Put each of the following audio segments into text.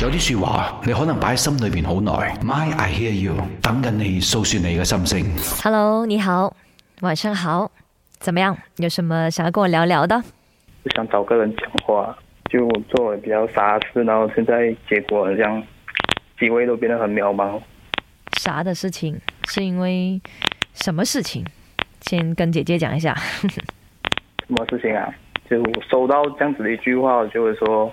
有啲說話，你可能擺喺心裏邊好耐。My I hear you，等緊你訴說你嘅心聲。Hello，你好，晚上好，怎麼樣？有什麼想要跟我聊聊的？我想找個人講話，就我做了比較傻事，然後現在結果好像機會都變得很渺茫。傻的事情是因為什麼事情？先跟姐姐講一下。 什麼事情啊？就收到這樣子的一句話，就會說。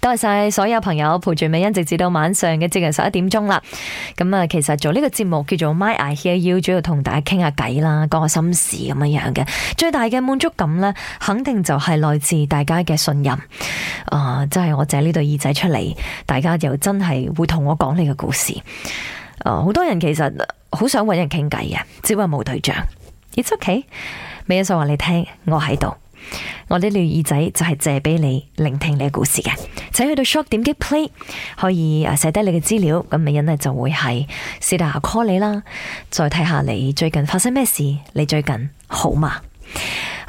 多謝晒所有朋友陪住美欣，直至到晚上嘅接近十一點鐘啦。咁啊，其實做呢個節目叫做 My I Hear You，主要同大家傾下偈啦，講下心事咁樣樣嘅。最大嘅滿足感呢，肯定就係來自大家嘅信任。啊、呃，即係我借呢對耳仔出嚟，大家又真係會同我講你嘅故事。好、呃、多人其實好想揾人傾偈嘅，只不過冇對象。It's OK，美欣想話你聽，我喺度。我啲耳仔就係借俾你聆聽你嘅故事嘅，請去到 Short 點擊 Play，可以誒寫低你嘅資料，咁美欣呢就會係私底下 call 你啦。再睇下你最近發生咩事，你最近好嗎？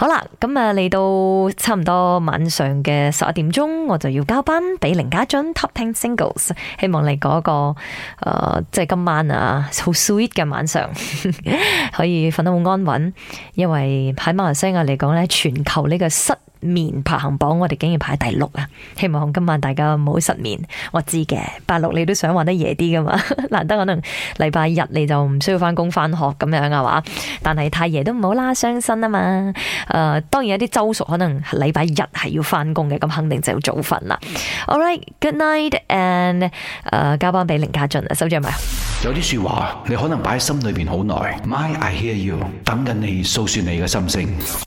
好啦，咁啊嚟到差唔多晚上嘅十一點鐘，我就要交班俾凌家俊 Top Ten Singles。希望你嗰、嗰個誒即係今晚啊，好 sweet 嘅晚上， 可以瞓得好安穩，因為喺馬來西亞嚟講咧，全球呢個室面排行榜，我哋竟然排第六啊！希望今晚大家唔好失眠。我知嘅，八六你都想玩得夜啲㗎嘛。難得可能禮拜日你就唔需要翻工翻學咁樣啊，話，但係太夜都唔好啦，傷身啊嘛。誒、呃，當然有啲周熟可能禮拜日係要翻工嘅，咁肯定就要早瞓啦。All right, good night and 誒、呃，交翻俾凌家俊啊，收住係咪？有啲說話你可能擺喺心裏邊好耐。My I hear you，等緊你訴說你嘅心聲。